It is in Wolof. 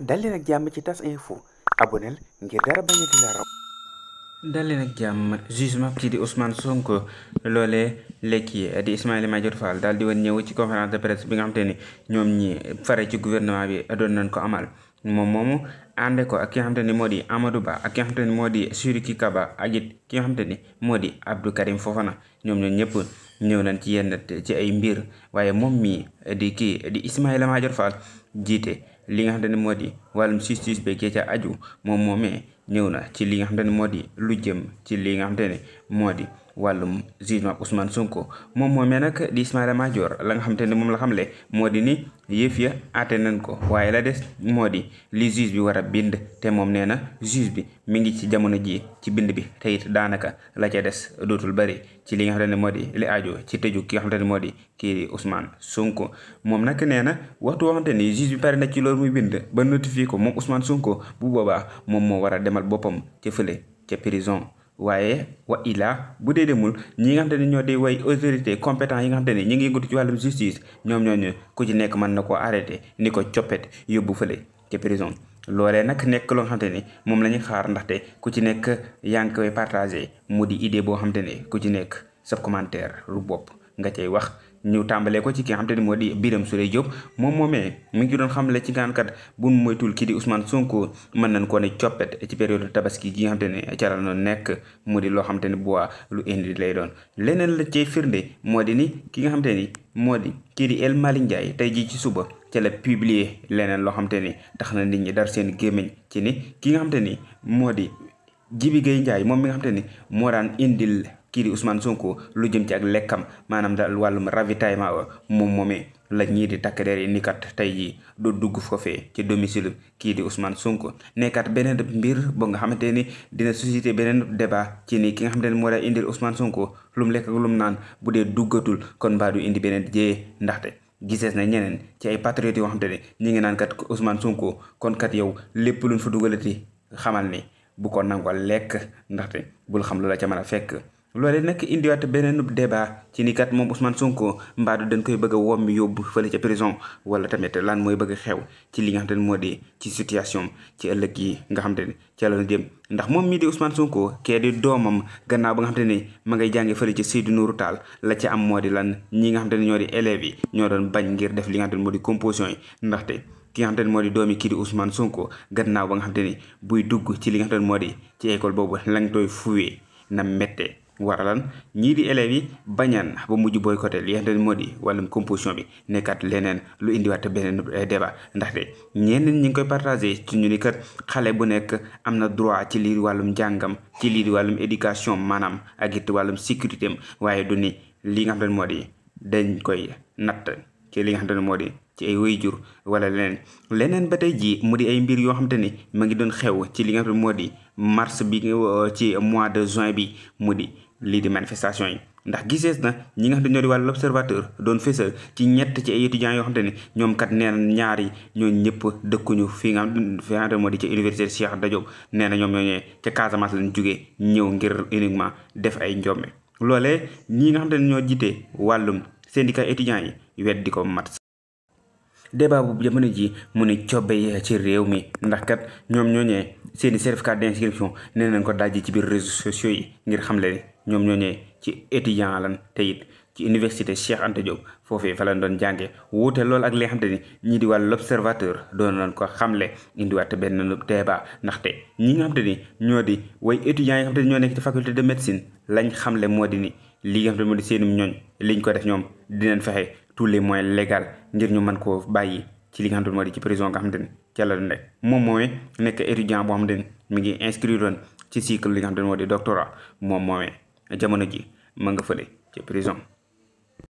dalli nag jàmm ci tas info abonel ngir dara bañ a di la nag jàmm jugement kii di Ousmane Sonko loolee lekki di Ismaïla Madior Fall daal di woon ñëw ci conférence de presse bi nga xam ñoom ñi fare ci gouvernement bi adoon nañ ko amal moom moomu ànde ko ak ki nga xam ni moo di amadu Ba ak ki nga xam moo di Sidiki Kaba ak it ki nga xam ni moo di Abdou foofa Fofana ñoom ñoo ñëpp ñëw nañ ci yenn ci ay mbir waaye moom mii di kii di Ismaïla Madior Fall jiite li nga xam ne moo di wàllum justice ba kee ca aju moom moomee ñëw na ci li nga xam ne moo di lu jëm ci lii nga xam ne moo di wàllum jugement Ousmane Sonko moom moomee nag di Ismaïla Madior la nga xamante ni moom la xamle moo di ni yëf ya àtte nañ ko waaye la des moo di li juge bi war a bind te moom nee na juge bi mi ngi ci jamono ji ci bind bi te daanaka la ca des dootul bëri ci li nga xamante ne moo di li aajo ci tëju ki nga moo di kii di Sonko moom nag nee na waxtu woo xamante ni juge bi pare na ci loolu muy bind ba notifié ko moom Ousmane Sonko bu boobaa moom moo war a demal boppam ca fële ca prison waaye wa illah bu dee demul ñi nga xam te ne ñoo di way autorité compétent yi nga xam te ne ñi ngi yëngatu ci wàllum justice ñoom ñooñu ku ci nekk mën na ko arrêté ni ko coppet yóbbu fële te prison loolee nag nekk loo xam te ni moom la ñu xaar ndaxte ku ci nekk yaa ngi koy partagé mu di idée boo xam te ne ku ci nekk sa commentaire lu bopp nga cay wax ñu tàmbalee ko ci ki nga xam ni moo di biram su Souleye Diop moom moomee mu ngi doon xamle ci gaankat bu mu kii di Ousmane Sonko mën nañ ko ne coppet ci période tabaski gi nga xam ne ca la noonu nekk mu di loo xam ni bu lu indi lay doon leneen la cay firnde moo di ni ki nga xam ni moo di kii di El Malick Ndiaye tey jii ci suba ca la publier leneen loo xam ni tax na nit ñi dar seen gémmiñ ci ni ki nga xam ni moo di Jibi Gueye Ndiaye moom mi nga xam ni moo daan indil kii di Ousmane Sonko lu jëm ci ak lekkam maanaam daal wàllum ravitaillement wa moom moomee la ñii di takk der yi ni kat tey jii doo dugg foofee ci domicile kii di Ousmane Sonko nekkat beneen mbir ba nga xamante ni dina suscité beneen débat ci ni ki nga xamante ni moo day indil Ousmane Sonko lu mu lekk ak lu mu naan bu dee duggatul kon mbaa du indi beneen jiyee ndaxte gisees na ñeneen ci ay patriotes yoo xamante ne ñi ngi naan kat Ousmane Sonko kon kat yow lépp luñ fa dugalati xamal ni bu ko nangoo lekk ndaxte bul xam lu la ca mën a fekk. loole nag indiwaat beneen débat ci ni kat moom Ousmane Sonko mbaadu dañ koy bëgg a woom yóbbu fële ca prison wala tamit lan mooy bëgg xew ci li nga xam ne moo di ci situation ci ëllëg yi nga xam ne ca la jëm ndax moom mii di Sonko kee di doomam gannaaw ba nga xam ma ngay jànge fële ca Seydou Nourou la am moo di lan ñi nga xam ne ñoo di élèves yi ñoo doon bañ ngir def li nga xam ne moo di composition yi ndaxte ki nga xamante ne moo di kii di Ousmane Sonko gannaaw ba nga xamante ni buy dugg ci li nga xamante ne moo di ci école boobu lañ koy fuwee na méttee waraloon ñii di élèves yi bañaan ba mujj boycotté li nga xam ne moo di wàllum composition bi nekkat leneen lu indiwaat beneen débat ndaxte ñeen ñi ngi koy partagé ci ñu ni kat xale bu nekk am na droit ci lii wàllum njàngam ci lii wàllum éducation maanaam ak wàllum sécurité waaye du ni li nga xam ne moo di dañ koy natt ci li nga xam ne moo di. ci ay waajur wala leneen leneen ba tey jii mu di ay mbir yoo xam te ni ma ngi doon xew ci li nga xam ne moo di mars bi ci mois de juin bi mu di lii di manifestation yi ndax gisees na ñi nga xam ne ñoo di wàllu observateur doon fésal ci ñett ci ay étudiants yoo xam te ne ñoom kat nee na ñaar yi ñooñu ñëpp dëkkuñu fi nga fi nga moo di ci université Cheikh Anta Diop nee na ñoom ñoo ñëwee ca Casamance lañ jógee ñëw ngir uniquement def ay njombe loole ñi nga xam ne ñoo jiite wàllum syndicat étudiants yi wet di ko mat débat bu jamono ji mu ne cobbe ci réew mi ndax kat ñoom ñoo ñëwee seeni certificat d'inscription nee nañ ko dajji ci biir réseaux sociaux yi ngir xam xamle ñoom ñoo ñee ci étudiant lan te it ci université Cheikh Anta Diop foofee fa lañ doon jànge wuute lool ak li nga xamante ni ñii di wàllu l'observateur doon nañ ko xamle indiwaat benn débat ndaxte ñi nga te ni ñoo di way étudiants yi nga xamante ni ñoo nekk ci faculté de médecine lañ xamle moo di ni li moo di seenum ñooñ liñ ko def ñoom dinañ fexe tous les moyens légaux ngir ñu mën koo bàyyi ci li nga ni moo di ci prison nga xamante ni ca la nekk moom mooy nekk étudiant boo xamante ni mi ngi inscrire woon ci cycle li nga xamante ni moo di moom moomee jamono jii man nga fële ci prison